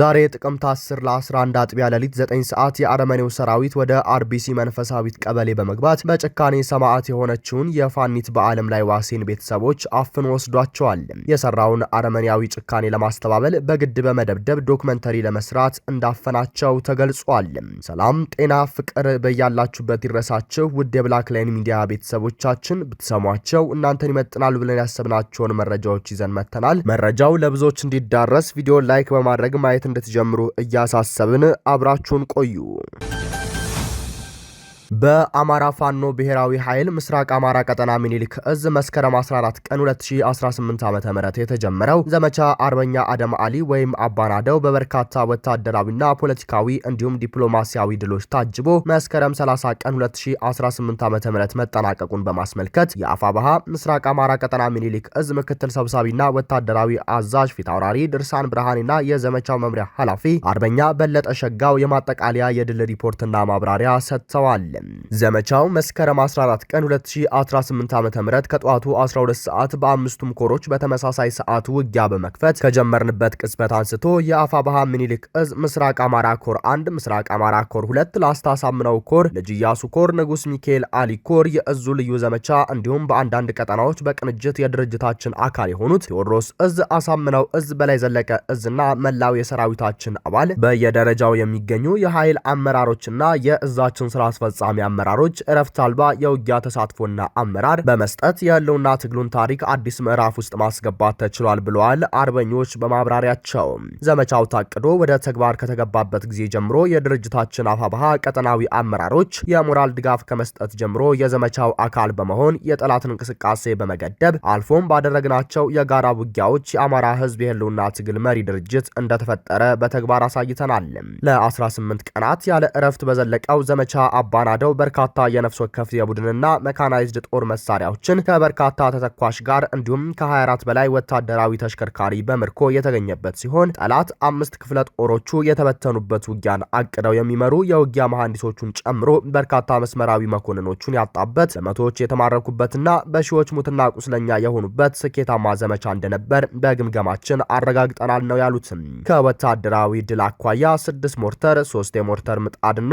ዛሬ ጥቅምት 10 ለ11 አጥቢያ ሌሊት 9 ሰዓት የአረመኔው ሰራዊት ወደ አርቢሲ መንፈሳዊት ቀበሌ በመግባት በጭካኔ ሰማዕት የሆነችውን የፋኒት በዓለም ላይ ዋሴን ቤተሰቦች አፍን ወስዷቸዋል። የሰራውን አረመኔያዊ ጭካኔ ለማስተባበል በግድ በመደብደብ ዶክመንተሪ ለመስራት እንዳፈናቸው ተገልጿል። ሰላም ጤና ፍቅር በያላችሁበት ይድረሳችሁ። ውድ የብላክ ላይን ሚዲያ ቤተሰቦቻችን ብትሰሟቸው እናንተን ይመጥናሉ ብለን ያሰብናቸውን መረጃዎች ይዘን መጥተናል። መረጃው ለብዙዎች እንዲዳረስ ቪዲዮ ላይክ በማድረግ ማየት ማየት እንድትጀምሩ እያሳሰብን አብራችሁን ቆዩ። በአማራ ፋኖ ብሔራዊ ኃይል ምስራቅ አማራ ቀጠና ሚኒሊክ እዝ መስከረም 14 ቀን 2018 ዓ.ም የተጀመረው ዘመቻ አርበኛ አደም አሊ ወይም አባናደው በበርካታ ወታደራዊና ፖለቲካዊ እንዲሁም ዲፕሎማሲያዊ ድሎች ታጅቦ መስከረም 30 ቀን 2018 ዓ.ም መጠናቀቁን በማስመልከት የአፋባሃ ምስራቅ አማራ ቀጠና ሚኒሊክ እዝ ምክትል ሰብሳቢና ወታደራዊ አዛዥ ፊታውራሪ ድርሳን ብርሃኔና የዘመቻው መምሪያ ኃላፊ አርበኛ በለጠ ሸጋው የማጠቃለያ የድል ሪፖርትና ማብራሪያ ሰጥተዋል። ዘመቻው መስከረም 14 ቀን 2018 ዓ.ም ከጠዋቱ 12 ሰዓት በአምስቱም ኮሮች በተመሳሳይ ሰዓት ውጊያ በመክፈት ከጀመርንበት ቅጽበት አንስቶ የአፋባሃ ምኒልክ እዝ ምስራቅ አማራ ኮር 1 ምስራቅ አማራ ኮር 2 ላስታ ሳምነው ኮር ልጅያሱ ኮር ንጉስ ሚካኤል አሊ ኮር የእዙ ልዩ ዘመቻ እንዲሁም በአንዳንድ ቀጠናዎች በቅንጅት የድርጅታችን አካል የሆኑት ቴዎድሮስ እዝ፣ አሳምነው እዝ፣ በላይ ዘለቀ እዝና መላው የሰራዊታችን አባል በየደረጃው የሚገኙ የኃይል አመራሮችና የእዛችን ስራ አስፈጻሚ ተሿሚ አመራሮች እረፍት አልባ የውጊያ ተሳትፎና አመራር በመስጠት የህልውና ትግሉን ታሪክ አዲስ ምዕራፍ ውስጥ ማስገባት ተችሏል ብለዋል አርበኞች በማብራሪያቸው። ዘመቻው ታቅዶ ወደ ተግባር ከተገባበት ጊዜ ጀምሮ የድርጅታችን አፋብሃ ቀጠናዊ አመራሮች የሞራል ድጋፍ ከመስጠት ጀምሮ የዘመቻው አካል በመሆን የጠላትን እንቅስቃሴ በመገደብ አልፎም ባደረግናቸው የጋራ ውጊያዎች የአማራ ህዝብ የህልውና ትግል መሪ ድርጅት እንደተፈጠረ በተግባር አሳይተናል። ለ18 ቀናት ያለ እረፍት በዘለቀው ዘመቻ አባናዳ የተሰናደው በርካታ የነፍስ ወከፍ የቡድንና መካናይዝድ ጦር መሳሪያዎችን ከበርካታ ተተኳሽ ጋር እንዲሁም ከ24 በላይ ወታደራዊ ተሽከርካሪ በምርኮ የተገኘበት ሲሆን ጠላት አምስት ክፍለ ጦሮቹ የተበተኑበት ውጊያን አቅደው የሚመሩ የውጊያ መሐንዲሶቹን ጨምሮ በርካታ መስመራዊ መኮንኖቹን ያጣበት በመቶዎች የተማረኩበትና በሺዎች ሙትና ቁስለኛ የሆኑበት ስኬታማ ዘመቻ እንደነበር በግምገማችን አረጋግጠናል ነው ያሉትም። ከወታደራዊ ድል አኳያ ስድስት ሞርተር፣ ሶስት የሞርተር ምጣድና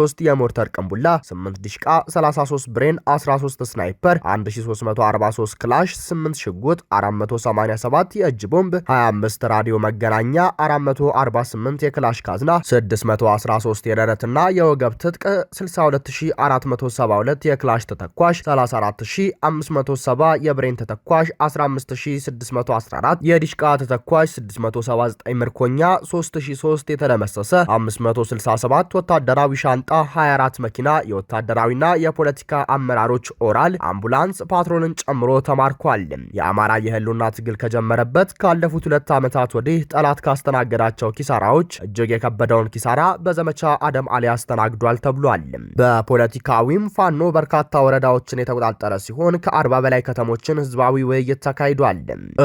ሶስት የሞርተር ቀንቡላ 8 ዲሽቃ 33 ብሬን 13 ስናይፐር 1343 ክላሽ 8 ሽጉጥ 487 የእጅ ቦምብ 25 ራዲዮ መገናኛ 448 የክላሽ ካዝና 613 የደረትና የወገብ ትጥቅ 62472 የክላሽ ተተኳሽ 34570 የብሬን ተተኳሽ 15614 የዲሽቃ ተተኳሽ 679 ምርኮኛ 3003 የተደመሰሰ 567 ወታደራዊ ሻንጣ 24 መኪና የወታደራዊና የፖለቲካ አመራሮች ኦራል አምቡላንስ ፓትሮንን ጨምሮ ተማርኳል። የአማራ የህልውና ትግል ከጀመረበት ካለፉት ሁለት ዓመታት ወዲህ ጠላት ካስተናገዳቸው ኪሳራዎች እጅግ የከበደውን ኪሳራ በዘመቻ አደም አሊ አስተናግዷል ተብሏል። በፖለቲካዊም ፋኖ በርካታ ወረዳዎችን የተቆጣጠረ ሲሆን ከአርባ በላይ ከተሞችን ህዝባዊ ውይይት ተካሂዷል።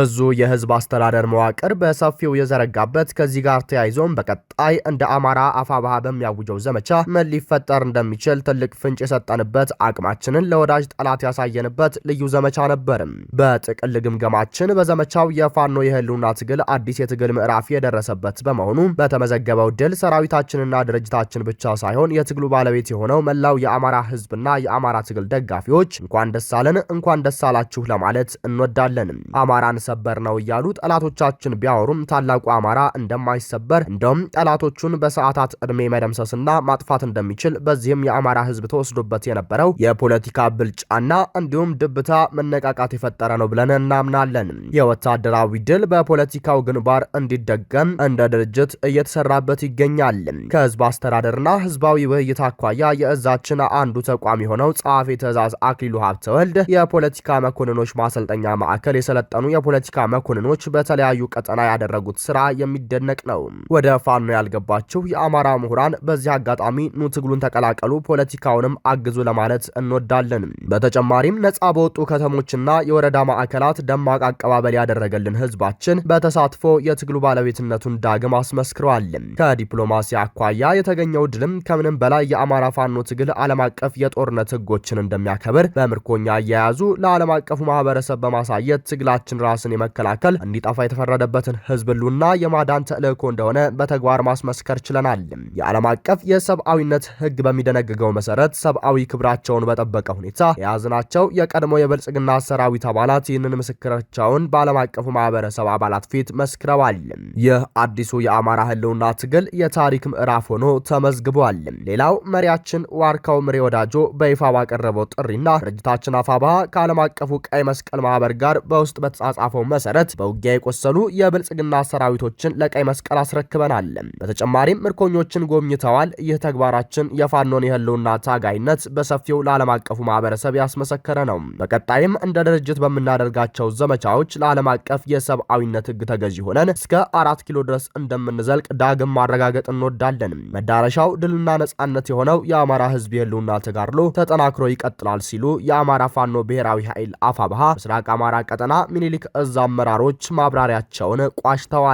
እዙ የህዝብ አስተዳደር መዋቅር በሰፊው የዘረጋበት ከዚህ ጋር ተያይዞም በቀጣይ እንደ አማራ አፋባሃ በሚያውጀው ዘመቻ ምን ሊፈጠር እንደ እንደሚችል ትልቅ ፍንጭ የሰጠንበት፣ አቅማችንን ለወዳጅ ጠላት ያሳየንበት ልዩ ዘመቻ ነበርም። በጥቅል ግምገማችን በዘመቻው የፋኖ የህልውና ትግል አዲስ የትግል ምዕራፍ የደረሰበት በመሆኑ በተመዘገበው ድል ሰራዊታችንና ድርጅታችን ብቻ ሳይሆን የትግሉ ባለቤት የሆነው መላው የአማራ ህዝብና የአማራ ትግል ደጋፊዎች እንኳን ደስ አለን፣ እንኳን ደስ አላችሁ ለማለት እንወዳለን። አማራን ሰበር ነው እያሉ ጠላቶቻችን ቢያወሩም ታላቁ አማራ እንደማይሰበር እንደውም ጠላቶቹን በሰዓታት ዕድሜ መደምሰስና ማጥፋት እንደሚችል በዚህም በተለይም የአማራ ህዝብ ተወስዶበት የነበረው የፖለቲካ ብልጫና እንዲሁም ድብታ መነቃቃት የፈጠረ ነው ብለን እናምናለን። የወታደራዊ ድል በፖለቲካው ግንባር እንዲደገም እንደ ድርጅት እየተሰራበት ይገኛል። ከህዝብ አስተዳደርና ህዝባዊ ውይይት አኳያ የእዛችን አንዱ ተቋም የሆነው ጸሐፊ ትእዛዝ አክሊሉ ሀብተወልድ የፖለቲካ መኮንኖች ማሰልጠኛ ማዕከል የሰለጠኑ የፖለቲካ መኮንኖች በተለያዩ ቀጠና ያደረጉት ስራ የሚደነቅ ነው። ወደ ፋኖ ያልገባችሁ የአማራ ምሁራን በዚህ አጋጣሚ ኑ ትግሉን ተቀላቀሉ በመቀላቀሉ ፖለቲካውንም አግዙ ለማለት እንወዳለን። በተጨማሪም ነጻ በወጡ ከተሞችና የወረዳ ማዕከላት ደማቅ አቀባበል ያደረገልን ህዝባችን በተሳትፎ የትግሉ ባለቤትነቱን ዳግም አስመስክረዋል። ከዲፕሎማሲ አኳያ የተገኘው ድልም ከምንም በላይ የአማራ ፋኖ ትግል ዓለም አቀፍ የጦርነት ህጎችን እንደሚያከብር በምርኮኛ አያያዙ ለዓለም አቀፉ ማህበረሰብ በማሳየት ትግላችን ራስን የመከላከል እንዲጠፋ የተፈረደበትን ህዝብ ሉና የማዳን ተልእኮ እንደሆነ በተግባር ማስመስከር ችለናል። የዓለም አቀፍ የሰብአዊነት ህግ በሚደ በሚደነግገው መሰረት ሰብአዊ ክብራቸውን በጠበቀ ሁኔታ የያዝናቸው የቀድሞ የብልጽግና ሰራዊት አባላት ይህንን ምስክራቸውን በዓለም አቀፉ ማህበረሰብ አባላት ፊት መስክረዋል። ይህ አዲሱ የአማራ ህልውና ትግል የታሪክ ምዕራፍ ሆኖ ተመዝግቧል። ሌላው መሪያችን ዋርካው ምሬ ወዳጆ በይፋ ባቀረበው ጥሪና ድርጅታችን አፋባ ከዓለም አቀፉ ቀይ መስቀል ማህበር ጋር በውስጥ በተጻጻፈው መሰረት በውጊያ የቆሰሉ የብልጽግና ሰራዊቶችን ለቀይ መስቀል አስረክበናል። በተጨማሪም ምርኮኞችን ጎብኝተዋል። ይህ ተግባራችን የፋኖን የሱዳን የህልውና ታጋይነት በሰፊው ለዓለም አቀፉ ማህበረሰብ ያስመሰከረ ነው። በቀጣይም እንደ ድርጅት በምናደርጋቸው ዘመቻዎች ለዓለም አቀፍ የሰብአዊነት ህግ ተገዢ ሆነን እስከ አራት ኪሎ ድረስ እንደምንዘልቅ ዳግም ማረጋገጥ እንወዳለን። መዳረሻው ድልና ነጻነት የሆነው የአማራ ህዝብ የህልውና ተጋድሎ ተጠናክሮ ይቀጥላል ሲሉ የአማራ ፋኖ ብሔራዊ ኃይል አፋብሃ ምስራቅ አማራ ቀጠና ሚኒሊክ እዝ አመራሮች ማብራሪያቸውን ቋጭተዋል።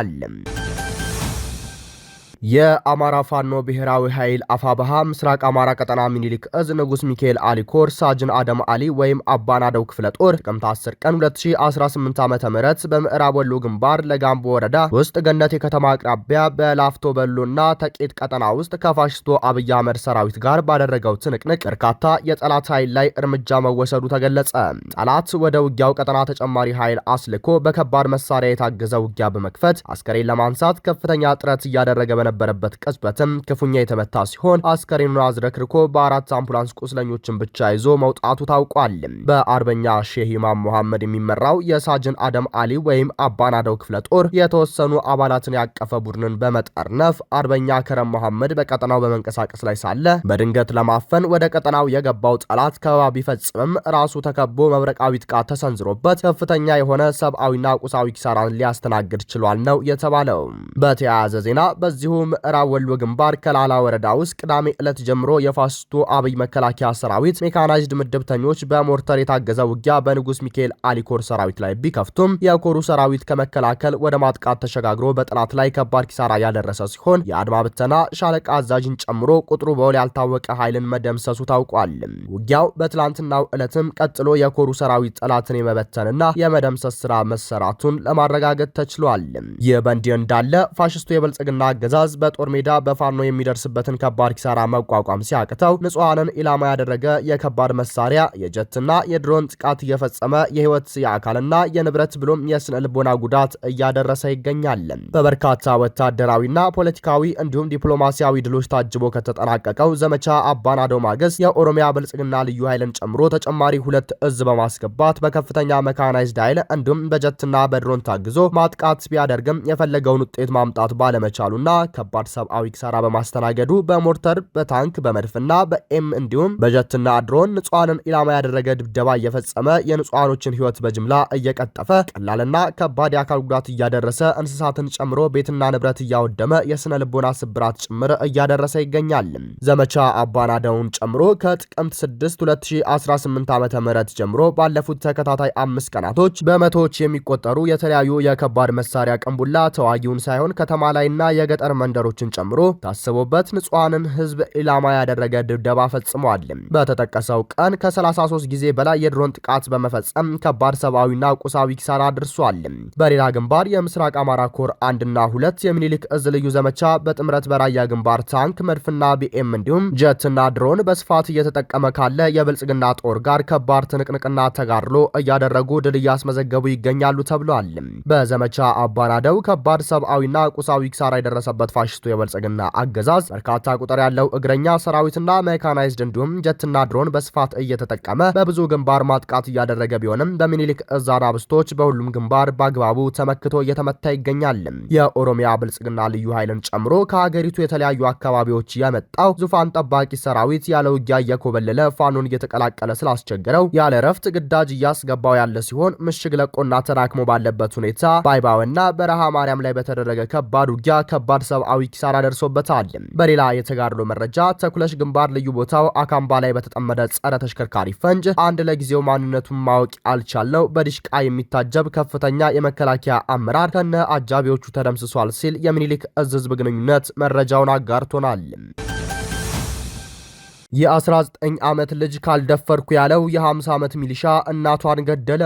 የአማራ ፋኖ ብሔራዊ ኃይል አፋባሃ ምስራቅ አማራ ቀጠና ሚኒሊክ እዝ ንጉስ ሚካኤል አሊኮር ሳጅን አደም አሊ ወይም አባናደው ክፍለ ጦር ጥቅምት 10 ቀን 2018 ዓ ም በምዕራብ ወሎ ግንባር ለጋምቦ ወረዳ ውስጥ ገነት የከተማ አቅራቢያ በላፍቶ በሎና ተቄት ቀጠና ውስጥ ከፋሽስቶ አብይ አህመድ ሰራዊት ጋር ባደረገው ትንቅንቅ በርካታ የጠላት ኃይል ላይ እርምጃ መወሰዱ ተገለጸ። ጠላት ወደ ውጊያው ቀጠና ተጨማሪ ኃይል አስልኮ በከባድ መሳሪያ የታገዘ ውጊያ በመክፈት አስከሬን ለማንሳት ከፍተኛ ጥረት እያደረገ በነበ በነበረበት ቅጽበትም ክፉኛ የተመታ ሲሆን አስከሬኑን አዝረክርኮ በአራት አምቡላንስ ቁስለኞችን ብቻ ይዞ መውጣቱ ታውቋል። በአርበኛ ሼህ ኢማም መሐመድ የሚመራው የሳጅን አደም አሊ ወይም አባናደው ክፍለ ጦር የተወሰኑ አባላትን ያቀፈ ቡድንን በመጠርነፍ አርበኛ ከረም መሐመድ በቀጠናው በመንቀሳቀስ ላይ ሳለ በድንገት ለማፈን ወደ ቀጠናው የገባው ጠላት ከበባ ቢፈጽምም ራሱ ተከቦ መብረቃዊ ጥቃት ተሰንዝሮበት ከፍተኛ የሆነ ሰብአዊና ቁሳዊ ኪሳራን ሊያስተናግድ ችሏል ነው የተባለው። በተያያዘ ዜና በዚሁ ምዕራብ ወሎ ግንባር ከላላ ወረዳ ውስጥ ቅዳሜ ዕለት ጀምሮ የፋስቶ አብይ መከላከያ ሰራዊት ሜካናይዝድ ምድብተኞች በሞርተር የታገዘ ውጊያ በንጉስ ሚካኤል አሊኮር ሰራዊት ላይ ቢከፍቱም የኮሩ ሰራዊት ከመከላከል ወደ ማጥቃት ተሸጋግሮ በጠላት ላይ ከባድ ኪሳራ ያደረሰ ሲሆን የአድማ ብተና ሻለቃ አዛዥን ጨምሮ ቁጥሩ በውል ያልታወቀ ኃይልን መደምሰሱ ታውቋል። ውጊያው በትላንትናው ዕለትም ቀጥሎ የኮሩ ሰራዊት ጠላትን የመበተንና የመደምሰስ ስራ መሰራቱን ለማረጋገጥ ተችሏል። ይህ በእንዲህ እንዳለ ፋሽስቱ የብልጽግና አገዛዝ እዝ በጦር ሜዳ በፋኖ የሚደርስበትን ከባድ ኪሳራ መቋቋም ሲያቅተው ንጹሐንን ኢላማ ያደረገ የከባድ መሳሪያ የጀትና የድሮን ጥቃት እየፈጸመ የህይወት የአካልና የንብረት ብሎም የስነ ልቦና ጉዳት እያደረሰ ይገኛል። በበርካታ ወታደራዊና ፖለቲካዊ እንዲሁም ዲፕሎማሲያዊ ድሎች ታጅቦ ከተጠናቀቀው ዘመቻ አባናዶ ማግስት የኦሮሚያ ብልጽግና ልዩ ኃይልን ጨምሮ ተጨማሪ ሁለት እዝ በማስገባት በከፍተኛ መካናይዝድ ኃይል እንዲሁም በጀትና በድሮን ታግዞ ማጥቃት ቢያደርግም የፈለገውን ውጤት ማምጣት ባለመቻሉና ከባድ ሰብአዊ ኪሳራ በማስተናገዱ በሞርተር በታንክ በመድፍና በኤም እንዲሁም በጀትና ድሮን ንጹሐንን ኢላማ ያደረገ ድብደባ እየፈጸመ የንጹሐኖችን ህይወት በጅምላ እየቀጠፈ ቀላልና ከባድ የአካል ጉዳት እያደረሰ እንስሳትን ጨምሮ ቤትና ንብረት እያወደመ የስነ ልቦና ስብራት ጭምር እያደረሰ ይገኛል። ዘመቻ አባናደውን ጨምሮ ከጥቅምት 6 2018 ዓ ም ጀምሮ ባለፉት ተከታታይ አምስት ቀናቶች በመቶዎች የሚቆጠሩ የተለያዩ የከባድ መሳሪያ ቀንቡላ ተዋጊውን ሳይሆን ከተማ ላይና የገጠር መ መንደሮችን ጨምሮ ታስቦበት ንጹሐንን ህዝብ ኢላማ ያደረገ ድብደባ ፈጽመዋል። በተጠቀሰው ቀን ከ33 ጊዜ በላይ የድሮን ጥቃት በመፈጸም ከባድ ሰብአዊና ቁሳዊ ኪሳራ አድርሷል። በሌላ ግንባር የምስራቅ አማራ ኮር አንድና ሁለት የሚኒሊክ እዝ ልዩ ዘመቻ በጥምረት በራያ ግንባር ታንክ፣ መድፍና ቢኤም እንዲሁም ጀትና ድሮን በስፋት እየተጠቀመ ካለ የብልጽግና ጦር ጋር ከባድ ትንቅንቅና ተጋድሎ እያደረጉ ድል እያስመዘገቡ ይገኛሉ ተብሏል። በዘመቻ አባናደው ከባድ ሰብአዊና ቁሳዊ ኪሳራ የደረሰበት የፋሽስቱ የበልጽግና አገዛዝ በርካታ ቁጥር ያለው እግረኛ ሰራዊትና ሜካናይዝድ እንዲሁም ጀትና ድሮን በስፋት እየተጠቀመ በብዙ ግንባር ማጥቃት እያደረገ ቢሆንም በሚኒሊክ እዝ አናብስቶች በሁሉም ግንባር በአግባቡ ተመክቶ እየተመታ ይገኛል። የኦሮሚያ ብልጽግና ልዩ ኃይልን ጨምሮ ከሀገሪቱ የተለያዩ አካባቢዎች የመጣው ዙፋን ጠባቂ ሰራዊት ያለ ውጊያ እየኮበለለ ፋኖን እየተቀላቀለ ስላስቸገረው ያለ ረፍት ግዳጅ እያስገባው ያለ ሲሆን ምሽግ ለቆና ተዳክሞ ባለበት ሁኔታ ባይባውና በረሃ ማርያም ላይ በተደረገ ከባድ ውጊያ ከባድ ሰ ሰብአዊ ኪሳራ ደርሶበታል። በሌላ የተጋድሎ መረጃ ተኩለሽ ግንባር ልዩ ቦታው አካምባ ላይ በተጠመደ ጸረ ተሽከርካሪ ፈንጅ አንድ ለጊዜው ማንነቱን ማወቅ አልቻለው በዲሽቃ የሚታጀብ ከፍተኛ የመከላከያ አመራር ከነ አጃቢዎቹ ተደምስሷል ሲል የሚኒሊክ እዝ ህዝብ ግንኙነት መረጃውን አጋርቶናል። የ19 ዓመት ልጅ ካልደፈርኩ ያለው የ50 ዓመት ሚሊሻ እናቷን ገደለ።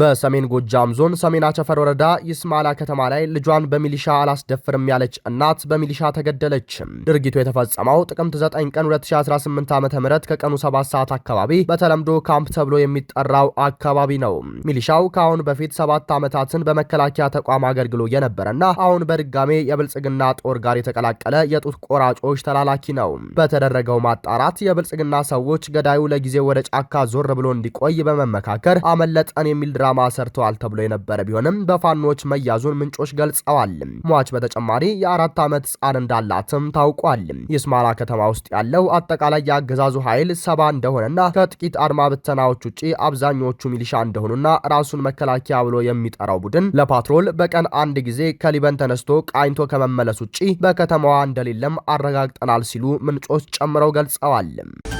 በሰሜን ጎጃም ዞን ሰሜን አቸፈር ወረዳ ይስማላ ከተማ ላይ ልጇን በሚሊሻ አላስደፍርም ያለች እናት በሚሊሻ ተገደለች። ድርጊቱ የተፈጸመው ጥቅምት 9 ቀን 2018 ዓ ም ከቀኑ 7 ሰዓት አካባቢ በተለምዶ ካምፕ ተብሎ የሚጠራው አካባቢ ነው። ሚሊሻው ከአሁን በፊት ሰባት ዓመታትን በመከላከያ ተቋም አገልግሎ የነበረና አሁን በድጋሜ የብልጽግና ጦር ጋር የተቀላቀለ የጡት ቆራጮች ተላላኪ ነው። በተደረገው ማጣራት የብልጽግና ሰዎች ገዳዩ ለጊዜው ወደ ጫካ ዞር ብሎ እንዲቆይ በመመካከር አመለጠን የሚል ድራማ ሰርተዋል ተብሎ የነበረ ቢሆንም በፋኖች መያዙን ምንጮች ገልጸዋል። ሟች በተጨማሪ የአራት ዓመት ህፃን እንዳላትም ታውቋል። የስማራ ከተማ ውስጥ ያለው አጠቃላይ የአገዛዙ ኃይል ሰባ እንደሆነና ከጥቂት አድማ ብተናዎች ውጭ አብዛኞቹ ሚሊሻ እንደሆኑና ራሱን መከላከያ ብሎ የሚጠራው ቡድን ለፓትሮል በቀን አንድ ጊዜ ከሊበን ተነስቶ ቃኝቶ ከመመለስ ውጭ በከተማዋ እንደሌለም አረጋግጠናል ሲሉ ምንጮች ጨምረው ገልጸዋል። المعلم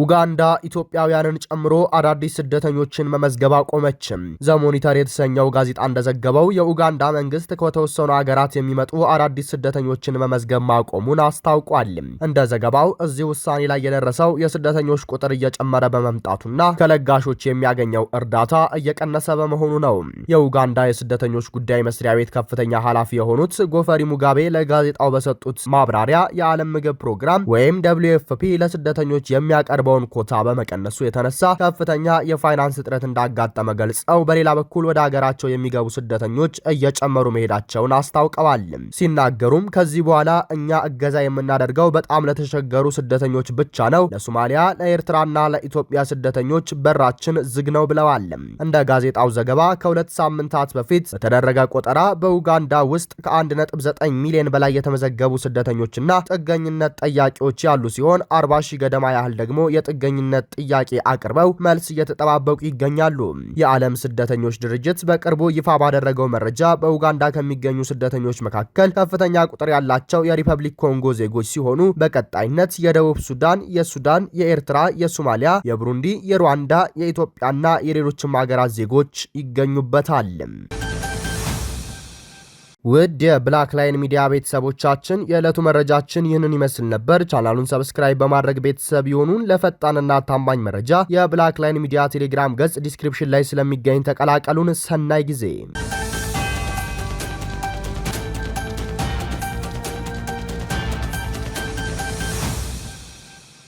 ኡጋንዳ ኢትዮጵያውያንን ጨምሮ አዳዲስ ስደተኞችን መመዝገብ አቆመችም። ዘሞኒተር የተሰኘው ጋዜጣ እንደዘገበው የኡጋንዳ መንግስት ከተወሰኑ አገራት የሚመጡ አዳዲስ ስደተኞችን መመዝገብ ማቆሙን አስታውቋል። እንደ ዘገባው እዚህ ውሳኔ ላይ የደረሰው የስደተኞች ቁጥር እየጨመረ በመምጣቱና ከለጋሾች የሚያገኘው እርዳታ እየቀነሰ በመሆኑ ነው። የኡጋንዳ የስደተኞች ጉዳይ መስሪያ ቤት ከፍተኛ ኃላፊ የሆኑት ጎፈሪ ሙጋቤ ለጋዜጣው በሰጡት ማብራሪያ የዓለም ምግብ ፕሮግራም ወይም ደብሊዩ ኤፍፒ ፒ ለስደተኞች የሚያቀርብ የሚቀርበውን ኮታ በመቀነሱ የተነሳ ከፍተኛ የፋይናንስ እጥረት እንዳጋጠመ ገልጸው በሌላ በኩል ወደ ሀገራቸው የሚገቡ ስደተኞች እየጨመሩ መሄዳቸውን አስታውቀዋል። ሲናገሩም ከዚህ በኋላ እኛ እገዛ የምናደርገው በጣም ለተቸገሩ ስደተኞች ብቻ ነው። ለሶማሊያ፣ ለኤርትራና ለኢትዮጵያ ስደተኞች በራችን ዝግ ነው ብለዋል። እንደ ጋዜጣው ዘገባ ከሁለት ሳምንታት በፊት በተደረገ ቆጠራ በኡጋንዳ ውስጥ ከ1.9 ሚሊዮን በላይ የተመዘገቡ ስደተኞችና ጥገኝነት ጠያቂዎች ያሉ ሲሆን 40 ሺህ ገደማ ያህል ደግሞ የጥገኝነት ጥያቄ አቅርበው መልስ እየተጠባበቁ ይገኛሉ። የዓለም ስደተኞች ድርጅት በቅርቡ ይፋ ባደረገው መረጃ በኡጋንዳ ከሚገኙ ስደተኞች መካከል ከፍተኛ ቁጥር ያላቸው የሪፐብሊክ ኮንጎ ዜጎች ሲሆኑ በቀጣይነት የደቡብ ሱዳን፣ የሱዳን፣ የኤርትራ፣ የሶማሊያ፣ የቡሩንዲ፣ የሩዋንዳ፣ የኢትዮጵያና የሌሎችም ሀገራት ዜጎች ይገኙበታል። ውድ የብላክ ላይን ሚዲያ ቤተሰቦቻችን የዕለቱ መረጃችን ይህንን ይመስል ነበር። ቻናሉን ሰብስክራይብ በማድረግ ቤተሰብ የሆኑን ለፈጣንና ታማኝ መረጃ የብላክ ላይን ሚዲያ ቴሌግራም ገጽ ዲስክሪፕሽን ላይ ስለሚገኝ ተቀላቀሉን። ሰናይ ጊዜ